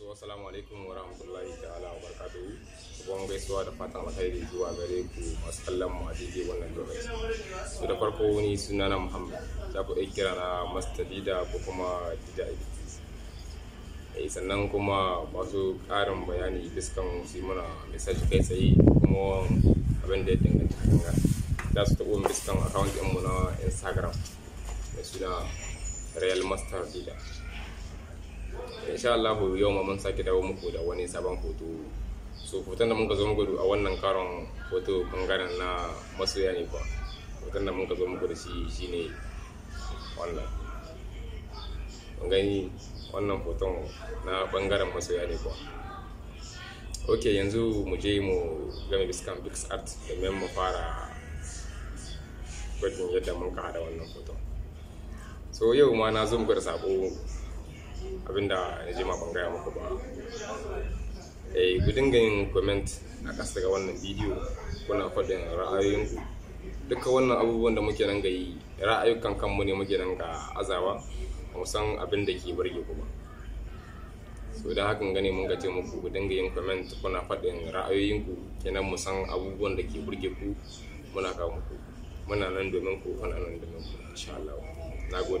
so assalamu alaikum wa rahmatullahi ta'ala wa barakatuhu kuma gaisuwa da fatan alkhairi zuwa gare ku masu kallon mu a daidai wannan lokaci so da farko ni suna na muhammad za ku iya kira na master leader ko kuma leader activities eh sannan kuma masu ƙarin bayani biskan su mana message kai tsaye kuma abin da ya danganta kanga za su taɓo biskan account ɗinmu na instagram da suna real master leader insha Allah yau ma mun sake dawo muku da wani sabon hoto so hoton da muka zo muku a wannan karon hoto bangaren na masoya ne kuwa hoton da muka zo muku da shi shine wannan gani wannan hoton na bangaren masoya ne kuwa ok yanzu mu je mu game biskan bix art domin mu fara gwajin yadda mun ka hada wannan hoton so yau ma na zo muku da sabo abinda na jima ban gaya muku ba a eh, ku dinga yin comment a ƙasa ga wannan bidiyo kuna faɗin ra'ayoyinku duka wannan abubuwan da muke nan ga yi ra'ayukan kanmu ne muke nan ga azawa mu abin da ke burge ku ba so da hakan gani mun gace muku ku dinga yin comment kuna faɗin ra'ayoyinku kenan musan abubuwan da ke burge ku muna kawo muku muna nan domin ku muna nan domin ku insha Allah na mu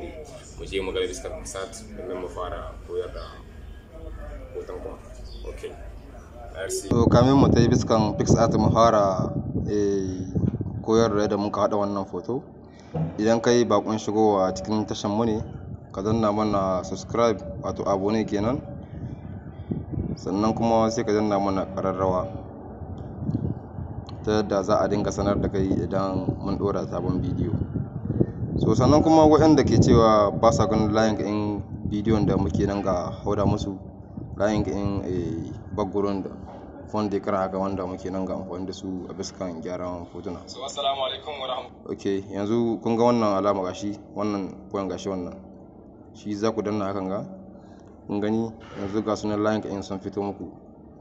je mu galibi star sat mu fara koyar da hoton kuma ok to kamin mu ta yi fix art mu fara eh, koyar da muka haɗa wannan foto idan ka yi bakon shigowa cikin tashan mu ne ka danna mana subscribe wato abone kenan sannan kuma sai ka danna mana ƙararrawa ta yadda za a dinga sanar da kai idan mun ɗora sabon bidiyo So sannan kuma waɗanda ke cewa ba sa ganin layin in bidiyon da muke nan ga hauda musu layin in a eh, background da ya kara haka wanda muke nan ga amfani da su a biskan gyaran hotuna. Ok, yanzu kun ga wannan alama gashi wannan koyan gashi wannan. Shi za ku danna hakan ga. Kun gani yanzu ga sunan layin in sun fito muku.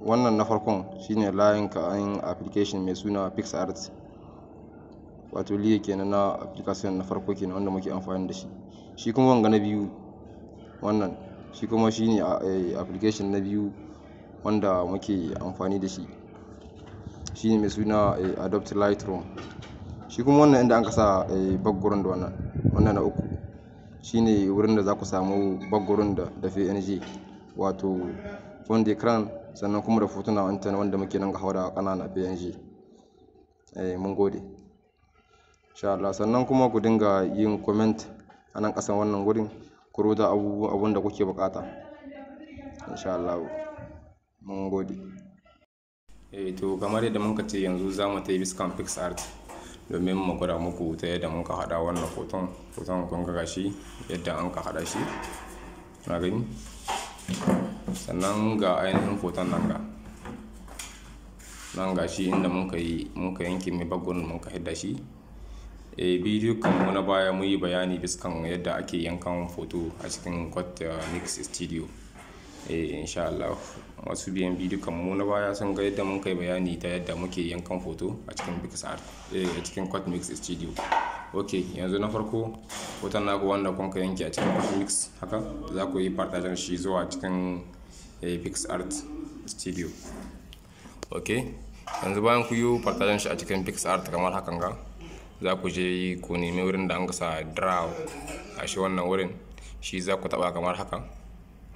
Wannan na farkon shine layin ka in application mai suna PixArt. wato layer kenan na application na farko kenan wanda muke amfani da shi shi kuma wanga na biyu wannan shi kuma shine eh, application na biyu wanda muke amfani da shi shine mai suna eh, adopt lightroom shi kuma wannan inda an ka sa eh, background wannan wannan na uku shine wurin da za ku samu background da da png wato fond ekran sannan kuma da fotuna wanda muke nan ga da kanana png mun gode insha Allah sannan kuma ku dinga yin comment a nan ƙasan wannan gurin ku rubuta abubuwan da kuke bukata insha Allah mun gode eh to kamar yadda muka ce yanzu za mu ta yi biskan art domin mu gwada muku ta yadda muka hada wannan hoton hoton kun ga shi yadda an ka hada shi na gani sannan ga ainihin hoton nan ga nan ga shi inda muka yi ka yanke mai bagon muka hidda shi e bidiyo kan na baya mu yi bayani biskan yadda ake yankan foto a cikin kwat eh, mix studio eh insha Allah wasu biyan bidiyo mu na baya sun ga yadda mun kai bayani ta yadda muke yankan foto a cikin Pixar eh, a cikin Quad Mix Studio ok yanzu na farko hoton naku wanda kun ka yanke a cikin Quad Mix haka za ku yi partajen shi zuwa cikin art Studio ok yanzu bayan ku yi partajen shi a cikin art kamar hakan ga za ku je ku nemi wurin da an kasa draw a shi wannan wurin shi za ku taba kamar haka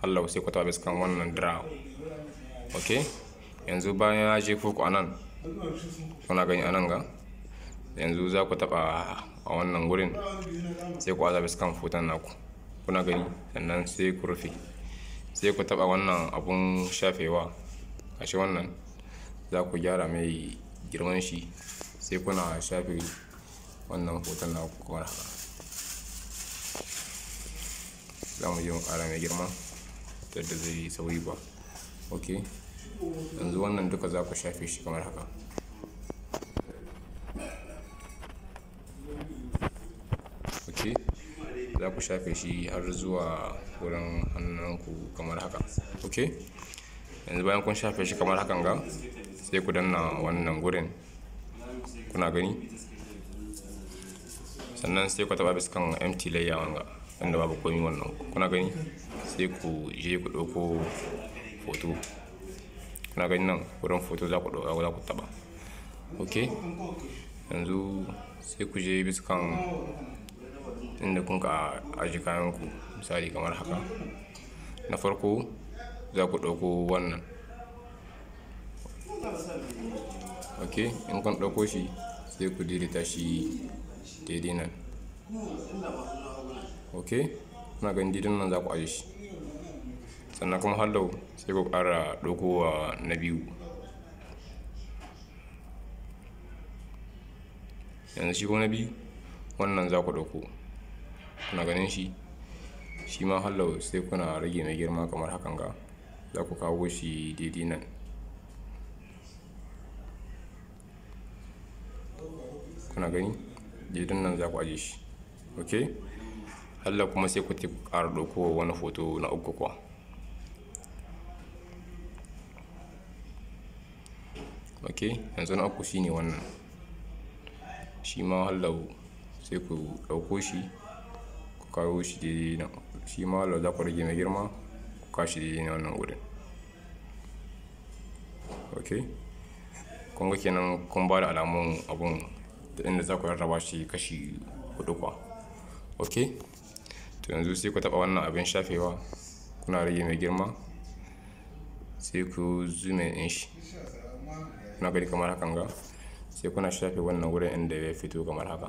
Allah sai ku taba bisa kan wannan draw ok yanzu bayan ya je ku a nan kuna gani a nan ga yanzu za ku taba a wannan wurin sai ku aza bisa kan foton naku kuna gani sannan sai ku rufe sai ku taba wannan abun shafewa a shi wannan za ku gyara mai girman shi sai kuna shafe wannan hoton na kamar haka za mu je mu ƙara mai girma yadda zai yi sauri ba ok yanzu wannan duka za ku shafe shi kamar haka ok za ku shafe shi har zuwa wurin hannunku kamar haka ok yanzu bayan kun shafe shi kamar hakan ga sai ku danna wannan gurin kuna gani sannan sai ku taba biskan mt layer wanga inda babu komi wannan kuna gani sai ku je ku ɗauko foto kuna gani nan wurin foto za ku ɗauka za ku taba ok yanzu sai ku je biskan inda kun ka aji kayan ku misali kamar haka na farko za ku ɗauko wannan ok in kun ɗauko shi sai ku dirita shi daidai nan ok na ganin daidai nan za ku aje shi sannan kuma hallau sai ku ƙara dokowa na biyu yanzu shi kuma na biyu wannan za ku ɗauko kuna ganin shi shi ma hallau sai kuna rage mai girma kamar hakan ga za ku kawo shi daidai nan kuna gani jirgin nan za ku aje shi ok Allah kuma sai ku ƙara ɗauko wani hoto na uku kuwa ok yanzu na uku shine wannan shi ma hallau sai ku ɗauko shi ku kawo shi daidai nan shi ma hallau za ku rage mai girma ku kawo shi daidai na wannan wurin ok kun ga kenan kun ba da alamun abun da inda za ku rarraba shi kashi hudu kwa ok to yanzu sai ku taba wannan abin shafewa kuna rage mai girma sai ku zume in shi kuna gani kamar hakan ga sai kuna shafe wannan wurin inda ya fito kamar haka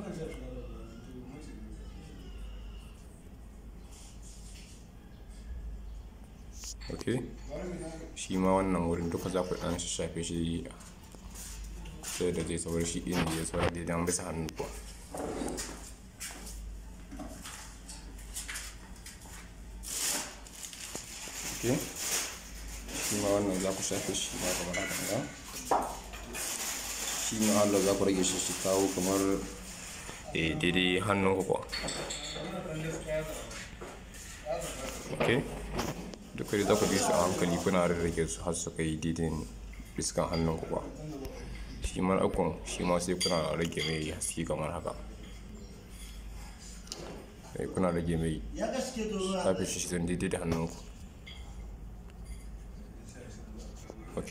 ok shi ma wannan wurin duka za ku dan shafe shi sai da zai saurin shi ɗin ya saurin da idan bisa hannu kuwa ok shi ma wannan za ku shafe shi ba kamar haka ga shi ma Allah za ku rage shi shi kawo kamar eh, daidai hannun ku kuwa ok duk da za ku bi su a hankali kuna rarrage su har su kai daidai iskan hannun ku kuwa shi ma ɗaukan shi ma sai kuna rage mai haske kamar haka sai eh, kuna rage mai tafi shi zan daidai da hannunku ok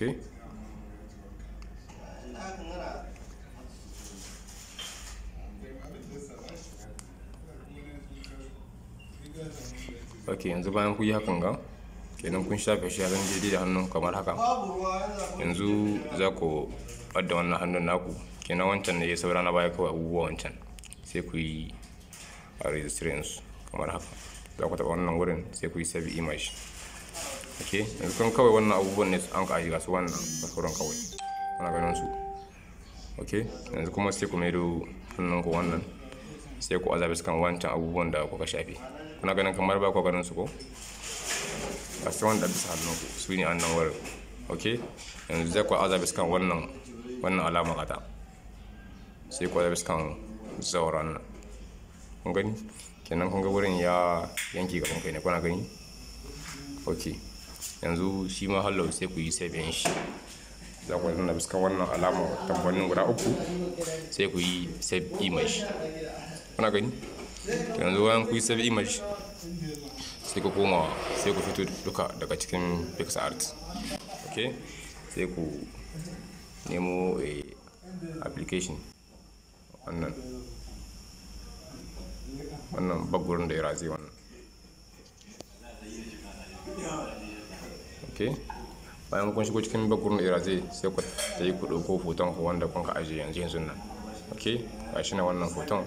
ok yanzu bayan ku yi hakan ga kenan kun shafe shi a daidai da hannun kamar haka yanzu za ku ɓadda wannan hannun naku kenan wancan ne ya saura na baya kawai abubuwa wancan sai ku yi a registering kamar haka za ku taɓa wannan wurin sai ku yi sabi image ok yanzu kan kawai wannan abubuwan ne an ka ajiyar su wannan basuran kawai kuna ganin su ok yanzu kuma sai ku maido hannun ku wannan sai ku azabi kan wancan abubuwan da kuka shafe kuna ganin kamar ba ku ganin su ko a sai wanda bisa hannun ku su ne annan wurin ok yanzu zai ku azabi kan wannan wannan alama ta sai kwada biskan zauren nan kun gani kenan kun ga wurin ya yanki gaban kai ne kuna gani ok yanzu shi ma hallo sai ku yi sai shi za ku zana biskan wannan alama tambanin guda uku sai ku yi sai image kuna gani yanzu bayan ku yi sai image sai ku koma sai ku fito duka daga cikin pixart ok sai ku nemo eh, application wannan wannan bagurin da ya razi wannan ok bayan kun shigo cikin bagurin da ya razi sai ku ta yi kudu ko hoton ku wanda kun ka ajiye yanzu yanzu nan ok ga shi na wannan hoton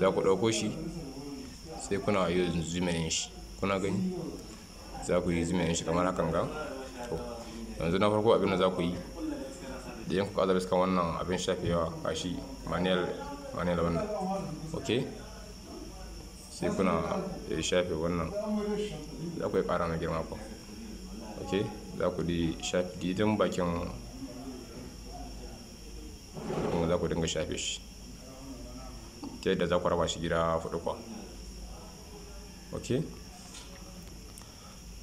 za ku ɗauko shi sai kuna yi zumanin shi kuna gani za ku yi zumanin shi kamar hakan ga yanzu na farko abin da za ku yi da yanku kazar suka wannan abin shafewa a shi manuel manuel wannan ok sai kuna eh, shafe wannan za ku yi kara na girma ku ok za ku di shafe didin bakin za ku dinga shafe shi ta yadda za ku raba shi gida fudu kwa ok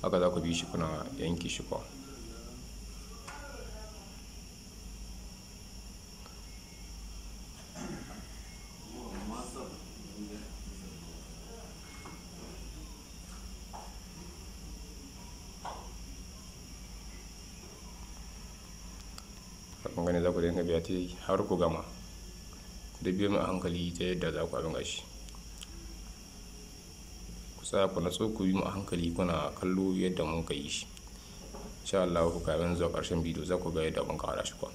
haka za ku bi shi kuna yanki shi kwa yi har ku gama da biyo mai hankali ta yadda za ku abin shi ku tsaya ku na ku yi mai hankali hankali kuna kallo yadda mun ka yi shi sha Allah ku kafin zuwa ƙarshen bidiyo za ku ga yadda mun ka shi kwa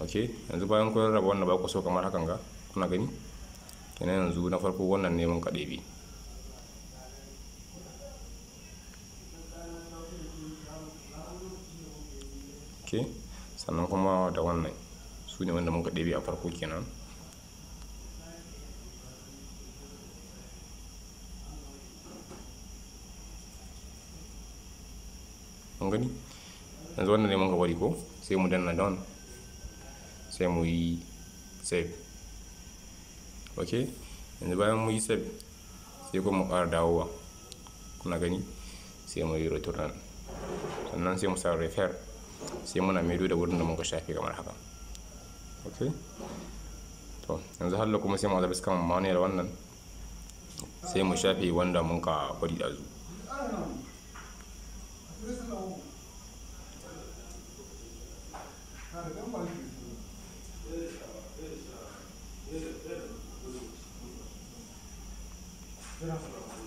ok yanzu bayan kun raba wannan ba ku so kamar hakan ga kuna gani kenan yanzu na farko wannan ne mun bi. ɗebe sannan kuma da wannan su ne wanda muka ɗabi a farko kenan gani yanzu wannan ne muka bari ko sai mu danna down sai mu yi save ok yanzu bayan mu yi save sai kuma mu ƙara dawowa kuna gani sai mu yi return sannan sai mu sa refer sai muna maido da wurin da muka shafe kamar haka ok to yanzu halla kuma sai mu zaɓi skan manual wannan sai mu shafe wanda ka bari ɗazu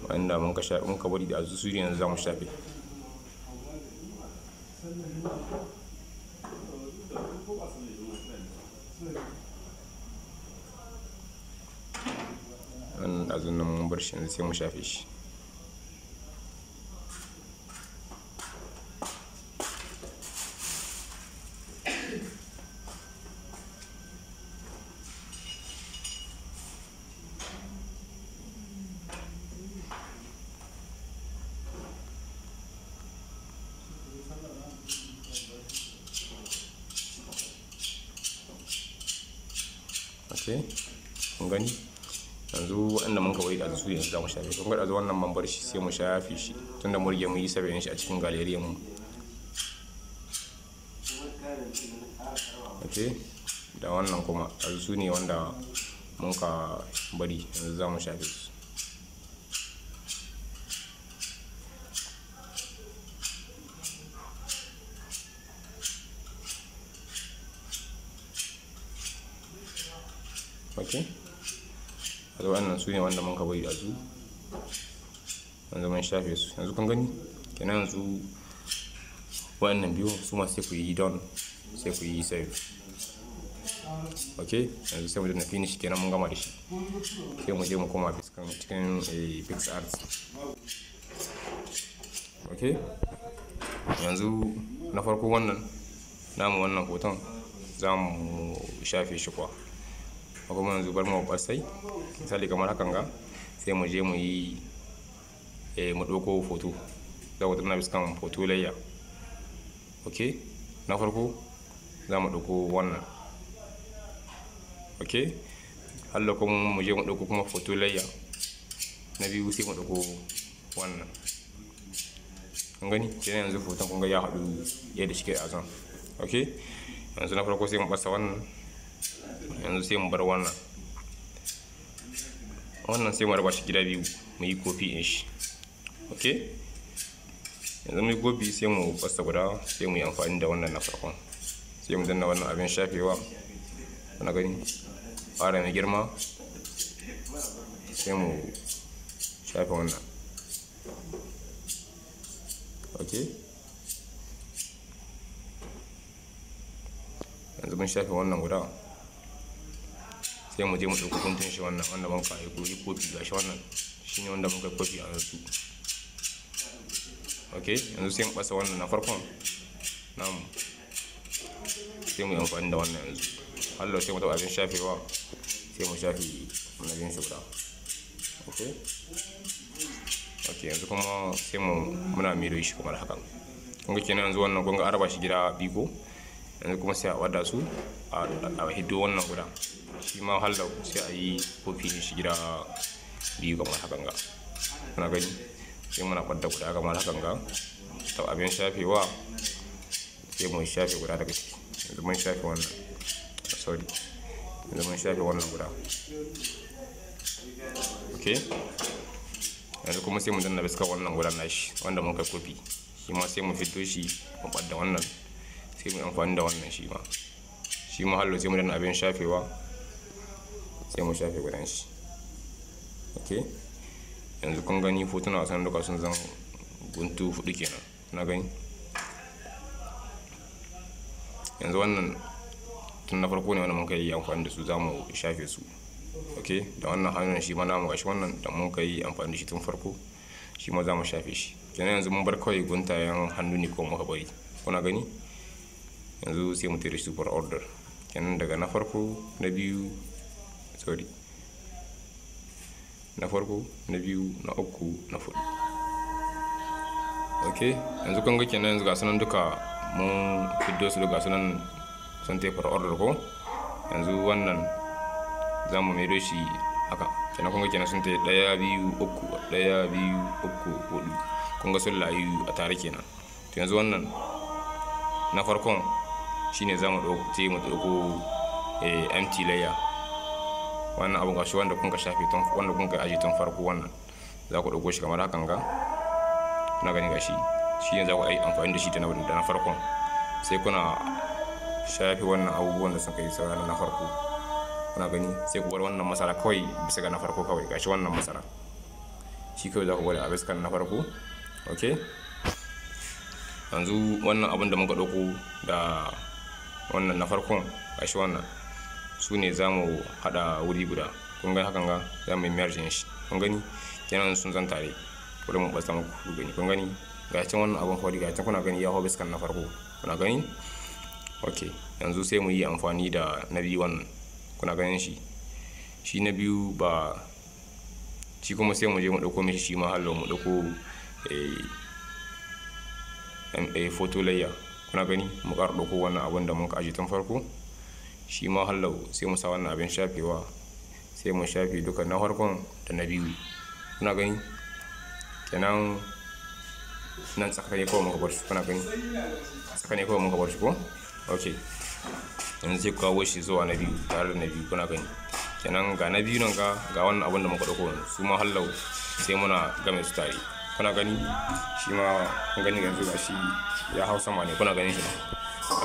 wanda ka bari da azu su yanzu za mu shafe wannan ɗazun nan mun bar shi yanzu sai ok kun gani yanzu wanda mun kawai da su yanzu za mu shafe kun ga wannan man bar shi sai mu shafe shi tunda murge mu yi sabayin shi a cikin galeriya mu ok da wannan kuma yanzu su ne wanda mun ka bari yanzu za mu shafe su kaga wannan su ne wanda mun ka bari a su yanzu mun shafe su yanzu kan gani kenan yanzu wannan biyu su ma sai ku yi don sai ku yi save ok yanzu sai mu danna finish kenan mun gama da shi sai mu je mu koma fiskan cikin pixarts eh, ok yanzu na farko wannan namu wannan hoton za mu shafe shi kwa kuma yanzu bar mu kwasai misali kamar hakan ga sai mu je mu yi eh mu ɗauko foto da wata na biskan foto layya okay na farko za mu ɗauko wannan okay Allah kuma mu je mu ɗauko kuma foto layya na biyu sai mu ɗauko wannan kun gani kenan yanzu foton kun ga ya hadu yadda shi ke a zan ok yanzu na farko sai mu ɓasa wannan yanzu sai mu bar wannan wannan sai mu raba shi gida biyu mu yi kofi in shi ok yanzu mu gobi sai mu basta guda sai mu yi amfani da wannan na farkon sai mu danna wannan abin shafewa wani gani fara mai girma sai mu shafe wannan ok yanzu mun shafe wannan guda sai mu je mu ɗauki kuntun shi wannan wanda ko yi kofi ga shi wannan shi ne wanda muka kofi a yanzu ok yanzu sai mu ɓasa wannan na farkon mu sai mu yi amfani da wannan yanzu hallo sai mu taɓa abin shafewa sai mu shafi manajin shi guda ok ok yanzu kuma sai mu muna miro shi kamar haka kun kenan yanzu wannan kun ga araba shi gida biko yanzu kuma sai a wada su a hiddo wannan guda shi ma halda sai a yi kofi shi gida biyu kamar hakan ga ana gani sai muna kwadda guda kamar hakan ga ta abin shafewa sai mun shafe guda daga ciki yanzu mun shafe wannan sorry yanzu mun shafe wannan guda ok yanzu kuma sai mun danna biskar wannan guda nashi wanda mun kai kofi shi ma sai mun fito shi mu ɓadda wannan sai mu amfani da wannan shi ma shi ma hallo sai mu danna abin shafewa sai mu shafe gudan shi ok yanzu kun gani hotuna a sanar da sun zan guntu hudu kenan na gani yanzu wannan tun na farko ne wanda muka yi amfani da su za mu shafe su ok da wannan hannun shi ma namu gashi wannan da muka yi amfani da shi tun farko shi ma za mu shafe shi kenan yanzu mun bar kawai guntayen hannu ne ko muka bari kuna gani yanzu sai mu da super order kenan daga na farko na biyu sorry na farko na biyu na uku na fudu ok yanzu kun ga kenan yanzu ga sunan duka mun fiddo su ga sunan sun tefar order ko yanzu wannan za mu maido shi haka kenan kun ga kenan sun ta daya biyu uku daya biyu uku hudu kun ga sun layu a tare kenan to yanzu wannan na farkon shine za mu te mu ɗauko eh, mt layer wannan abun shi wanda kun ka shafe tun wanda kun ka aji tun farko wannan za ku ɗauko shi kamar hakan ga na gani gashi shi ne za ku yi amfani da shi da na farkon sai kuna shafe wannan abubuwan da suka yi sauran na farko kuna gani sai ku bar wannan masara kawai bisa ga na farko kawai gashi wannan masara shi kawai za ku bar a bisa na farko ok yanzu wannan abin da muka ɗauko da wannan na farkon shi wannan su ne za mu haɗa wuri guda kun gani hakan ga za mu yi merging shi kun gani kenan sun zan tare bari mu ɓasta muku ku gani kun gani ga can wannan abun fari ga can kuna gani ya hau biskan na farko kuna gani ok yanzu sai mu yi amfani da na biyu wannan kuna ganin shi shi na biyu ba shi kuma sai mu je mu ɗauko mishi shi ma hallo mu ɗauko a eh, eh, photo layer muna gani mu ƙara ɗauko wannan abin da mun ka aji tun farko shi ma hallau sai mu sa wannan abin shafewa sai mu shafe duka na farkon da na biyu muna gani kenan nan tsaka ne kawai muka bar shi kuna gani tsaka ne kawai muka bar shi ko ok yanzu sai kawo shi zuwa na biyu tare da na biyu kuna gani kenan ga na biyu nan ga ga wannan abin da muka ɗauko su ma hallau sai muna game su tare kana gani shi ma kun gani yanzu ga shi ya hau sama ne kuna ganin shi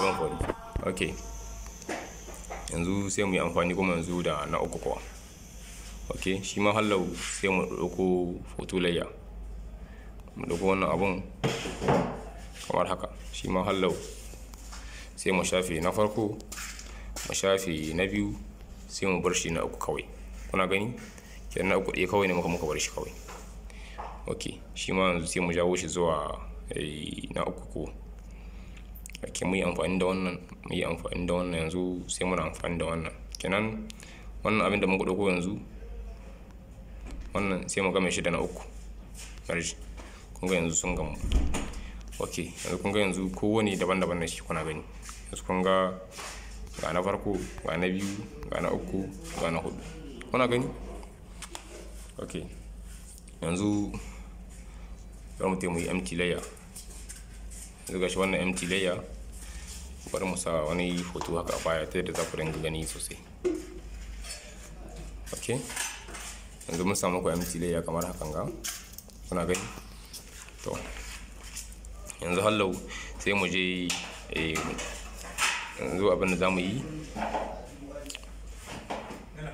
ban fari ok yanzu sai mu yi amfani kuma yanzu da na uku kuwa ok shi ma hallau sai mu ɗauko hoto layya mu ɗauko wannan abun kamar haka shi ma hallau sai mu shafe na farko mu shafe na biyu sai mu bar shi na uku kawai kuna gani kenan na uku ɗaya kawai ne muka muka bar shi kawai ok shi ma yanzu sai mu jawo shi zuwa eh, na uku ko ake mu yi amfani da wannan mu yi amfani da wannan yanzu sai muna amfani da wannan kenan wannan abin da muka ɗauko yanzu wannan sai mu game shi da na uku karshe kunga yanzu sun gamu ok yanzu kunga yanzu kowane daban-daban na shi kuna gani yanzu kunga ga ga na farko ga na biyu ga na uku ga na hudu kuna gani ok yanzu za mu mu yi empty layer yanzu gashi wannan empty layer bari mu sa wani hoto haka a baya ta yadda za ku dinga gani sosai ok yanzu mun samu ku empty layer kamar hakan ga kuna gani to yanzu hallau sai mu je eh, yanzu abin da za mu yi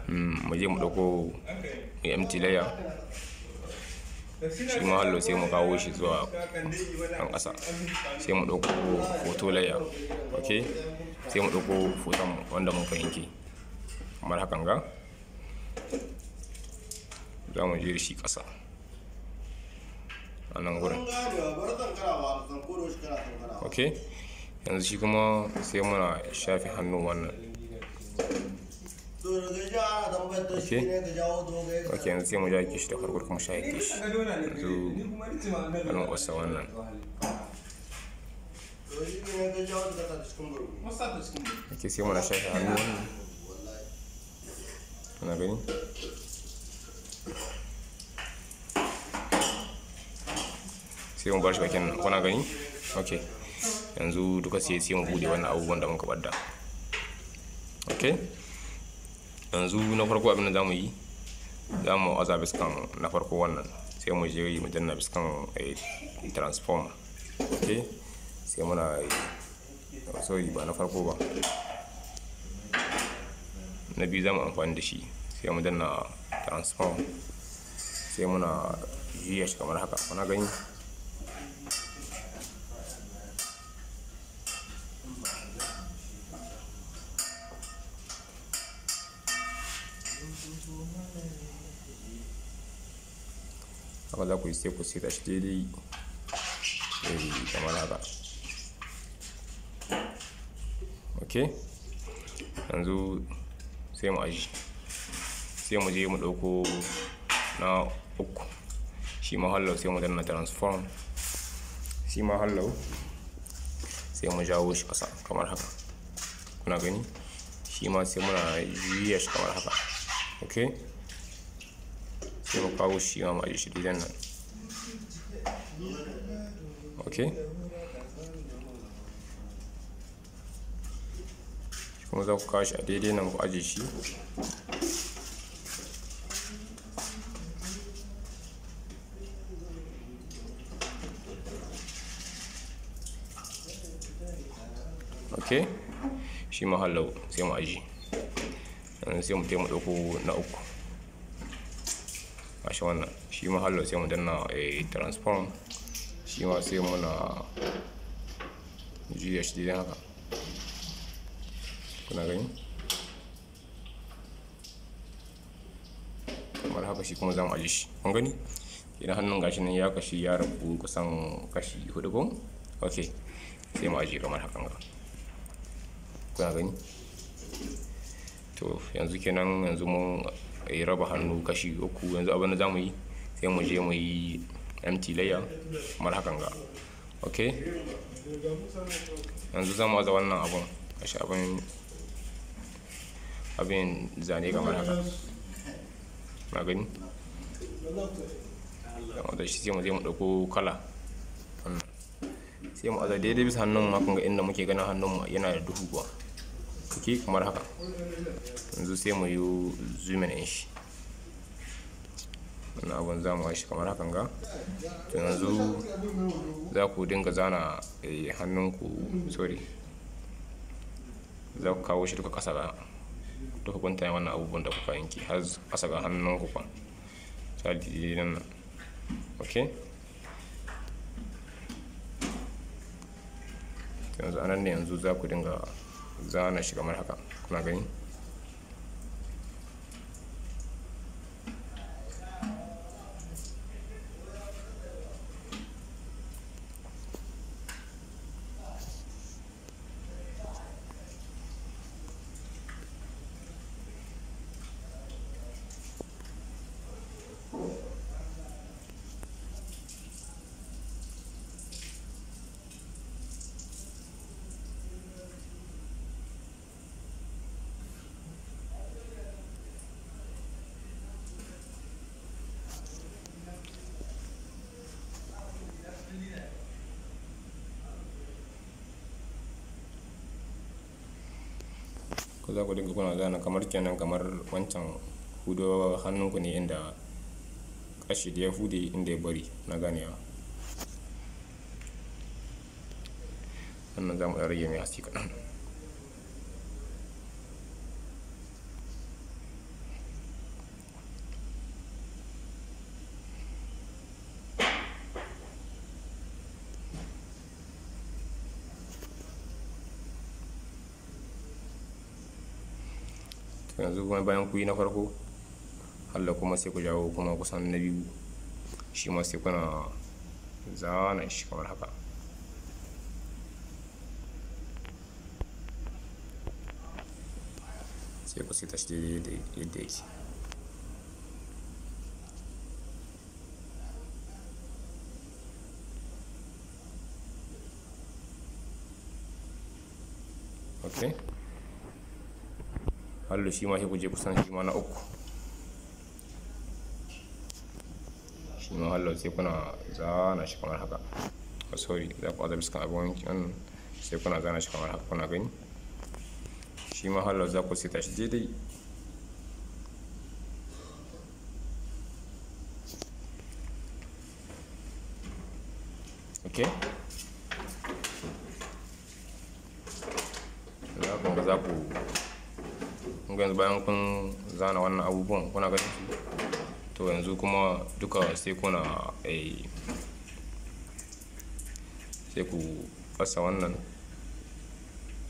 hmm, mu je mu ɗauko empty layer shi ma hallo sai mu kawo shi zuwa kan ƙasa sai mu ɗauko hoto layya ok sai mu ɗauko hoton wanda mun yanke kamar hakan ga za mu jiri shi ƙasa a nan gurin ok yanzu shi kuma sai muna shafi hannu wannan ok yanzu sai mu ja yake shi da farko kuma sha yake shi yanzu alin kwasa wannan ake sai mu na muna shafi hannu wannan kuna gani sai mu bar shi bakin nan kuna gani ok yanzu duka sai sai mu bude wannan abubuwan da muka badda ok yanzu na farko abin da za mu yi za mu aza biskan na farko wannan sai mu je mu danna biskan eh, transform ok sai muna sorry ba na farko ba na biyu za mu amfani da shi sai mu danna transform sai muna juya shi kamar haka muna gani haka za ku yi sai ku sai shi daidai kamar eh, haka ok yanzu sai mu aji sai mu je mu ɗauko na uku shi ma hallau sai mu danna transform shi ma hallau sai mu jawo shi ƙasa kamar haka kuna gani shi ma sai muna yi shi kamar haka ok pelo qual o chama a Shrirananda. É ok? Kuma za ku kawo shi a daidai nan ku ajiye shi. Ok? Shi mahallau sai mu o Yanzu sai mu taimaka na oco shi wannan shi ma hallo sai mu danna a eh, transform shi ma sai muna juya shi daidai haka kuna gani kamar haka shi kuma za mu aje shi kun gani idan hannun gashi nan ya kashi ya rabu kusan kashi hudu ko ok sai mu aje kamar haka ga kuna gani to yanzu kenan yanzu mun ya eh, raba hannu kashi uku yanzu abin da za mu yi sai mu je mu yi mt layer kamar hakan ga ok yanzu zama waza wannan abun kashi abin abin zane kamar haka na gani da shi sai mu je mu ɗauko kala sai mu aza daidai bisa hannun makon ga inda muke ganin hannun yana da duhu kuwa Okay, kamar haka yanzu sai mu yi zoom in shi wannan abun za mu shi kamar hakan ga to yanzu za ku dinga zana eh, hannunku sorry za ku kawo shi duka ƙasa ga duka kwanta wannan abubuwan da kuka yanki har ƙasa ga hannunku kwa sadi nan nan Okay? yanzu anan ne yanzu za ku dinga za na shiga mana haka kuna gani ko za ku dinga kuna zana kamar kenan kamar wancan hudo hannunku ne inda kashi da ya hude inda ya bari na ganewa wannan za mu rage mai haske kaɗan yanzu kuma bayan ku yi na farko Allah kuma sai ku jawo kuma kusan na biyu shi ma sai kuna zana shi kamar haka sai ku sita shi yadda yake Okay. fallu shi ma sai ku je kusan shi ma na uku shi ma hallo sai kuna zana shi kamar haka a sorry za ku aza biskan abin wankin sai kuna zana shi kamar haka kuna gani shi ma hallo za ku sita shi daidai okay yanzu bayan kun zana wannan abubuwan kuna gani to yanzu kuma duka sai kuna eh, sai ku fasa wannan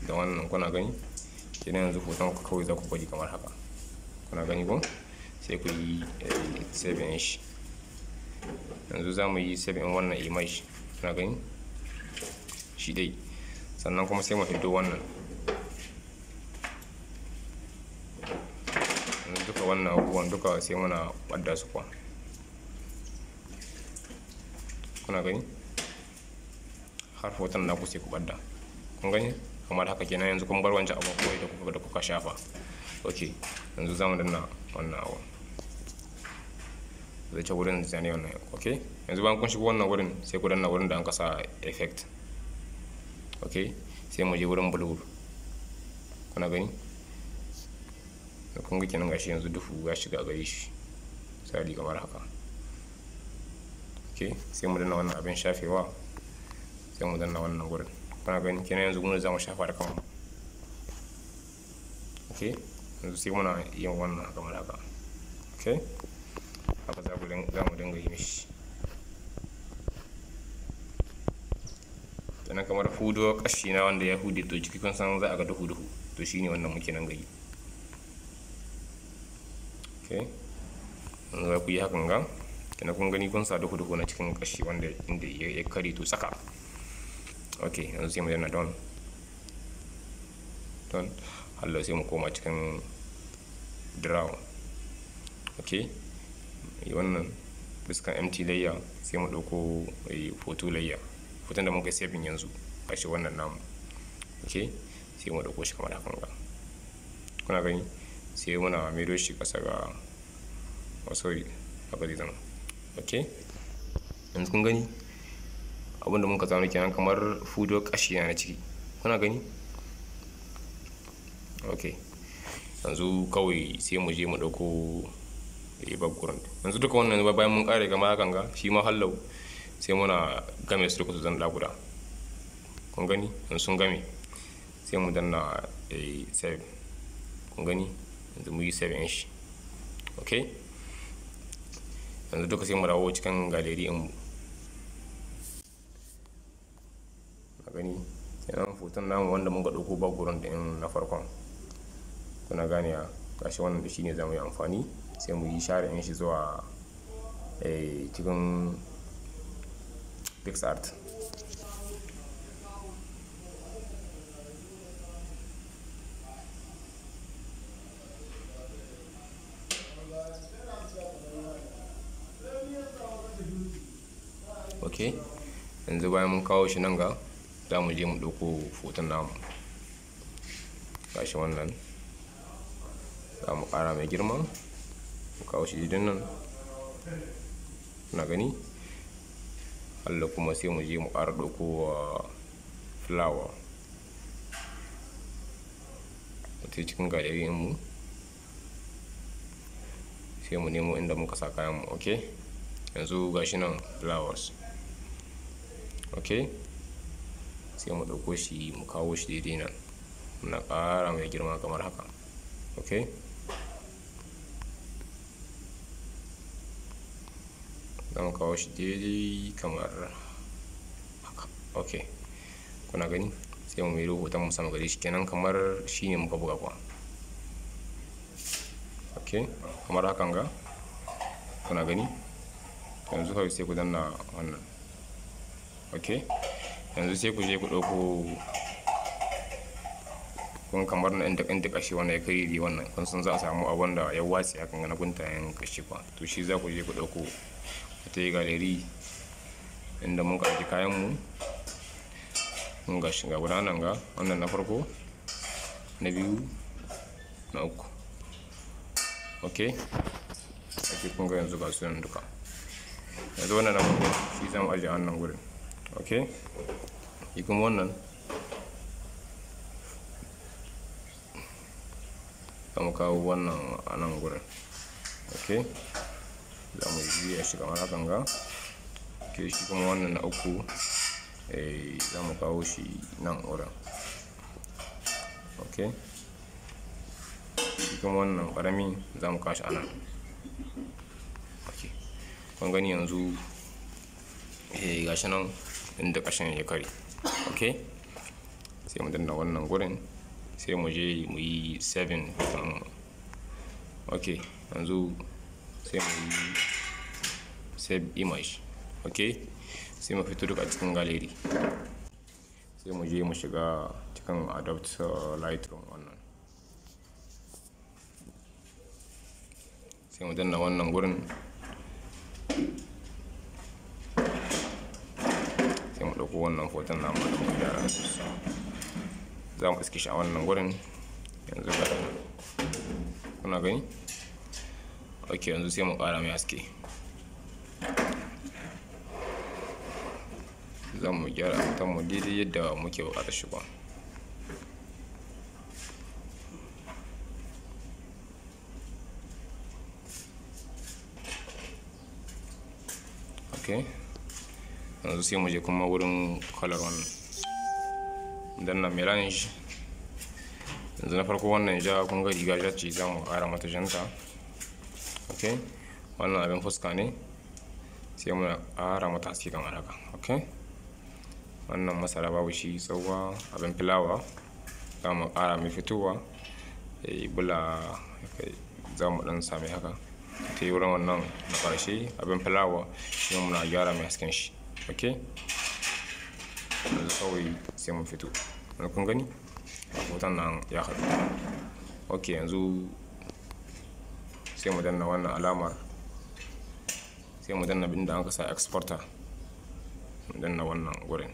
da wannan kuna gani kina yanzu hoton ku kawai za ku gwadi kamar haka kuna gani ko sai ku yi eh, saving shi yanzu za mu yi saving wannan image kuna gani shi dai sannan kuma sai mu fito wannan wannan abubuwan duka sai muna ɓadda su kuwa kuna gani harfa na ku sai ku ɓadda kun gani kamar haka kenan yanzu kun bar wancan abin kawai da kuka da kuka shafa ok yanzu zamu danna wannan abu zai ce wurin zane wannan ok yanzu bayan kun shigo wannan wurin sai ku danna wurin da an kasa effect ok sai mu je wurin blur kuna gani da kun ga kenan gashi yanzu duhu ya shiga a gare shi misali kamar haka ok sai mu danna wannan abin shafewa sai mu danna wannan gurin kuna gani kenan yanzu gurin zamu shafa da kanmu ok yanzu sai muna yin wannan kamar haka ok haka za mu dinga yi mishi sannan kamar hudo kashi na wanda ya hudu to jiki kun san za a ga duhu duhu to shine wannan muke nan gari okay za ku yi hakan ga kina kun gani kun sa duhu duhu na cikin kashi wanda inda ya kare to saka okay yanzu sai mu yana don don hallo sai mu koma cikin draw okay wannan fuskan empty layer sai mu dauko eh, photo layer hoton da muka saving yanzu kashi wannan namu okay sai mu dauko shi kamar hakan ga kuna gani sai muna maido shi kasa ga masori sorry haka zai zama ok yanzu kun gani abinda muka zama kenan kamar fudo kashi na ciki kuna gani ok yanzu kawai sai mu je mu dauko kuran yanzu duka wannan bayan mun kare gama hakan ga shi ma hallau sai muna game su duka zan guda kun gani yanzu sun game sai mu danna eh, save kun gani yanzu mu yi 7 shi ok yanzu duka sai mu dawo cikin galeri in mu a gani kenan hoton namu wanda mun ga ɗauko da yin na farkon kuna gane a gashi wannan da shine za mu yi amfani sai mu yi share ɗin shi zuwa eh, cikin pixart yanzu bayan mun kawo shi nan ga za mu je mu ɗauko hoton namu ga shi wannan za mu ƙara mai girma mu kawo shi jidin nan na gani allah kuma sai mu je mu ƙara ɗauko wa wata mutu cikin galeriyanmu sai mu nemo inda muka sa kayanmu ok yanzu ga shi nan flowers ok sai mu ɗauko shi mu kawo shi daidai nan muna ƙara mai girma kamar haka ok za mu kawo shi daidai kamar haka ok kuna gani sai mu mai rahoton mu sama gari shi kenan kamar shi ne muka buga kuwa ok kamar hakan ga kuna gani yanzu kawai sai ku danna wannan ok yanzu sai ku je ku ɗauko kun kamar na inda inda kashi wannan ya kai wannan kun san za a samu abin da ya watsi akan ga na guntayen kashi kwa to shi za ku je ku ɗauko ta yi galeri inda mun kaji kayan mu mun ga shiga guda nan ga wannan na farko na biyu na uku ok ake kun ga yanzu ga su duka yanzu wannan na farko shi zan ajiye wannan gurin okay yi kuma wannan za mu kawo wannan a nan gurin okay za mu juya shi kamar hakan ga ke shi kuma wannan na uku eh, za mu kawo shi nan wurin okay shi kuma wannan ƙaramin za mu kawo shi a nan kun gani yanzu eh, gashi nan inda kashin ya kare ok sai mu danna wannan gurin sai mu je mu yi 7 ok yanzu sai mu yi save image ok sai mu fito duka cikin gallery sai mu je mu shiga cikin adopt uh, lightroom wannan sai mu danna wannan gurin ɗauko wannan hoton na mu da muka gyara za mu iske shi a wannan gurin yanzu ga kuna gani ok yanzu sai mu kara mai haske za mu gyara ta mu daidai yadda muke bukata shi ba okay yanzu sai mu je kuma wurin color wannan na melange yanzu na farko wannan ja kun ga riga ja ce za mu ƙara mata janta ok wannan abin fuska ne sai mu ƙara mata haske kamar haka ok wannan masara babu shi tsawa abin filawa za mu ƙara mai fitowa eh, bula za mu ɗan sami haka ta yi wurin wannan na ƙarshe abin filawa shi muna gyara mai hasken shi ok yanzu kawai sai mun fito yanzu kun gani hoton nan ya haɗu ok yanzu sai mu danna wannan alamar sai mu danna binda an kasa exporter mu danna wannan gurin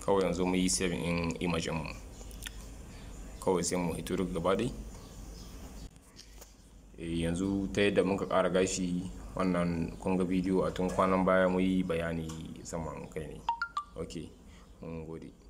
kawai yanzu mu yi saving in image mu kawai sai mu hito gaba dai eh, yanzu ta yadda muka ƙara gashi wannan kunga ga bidiyo a tun kwanan baya mu yi bayani saman kai ne ok mun gode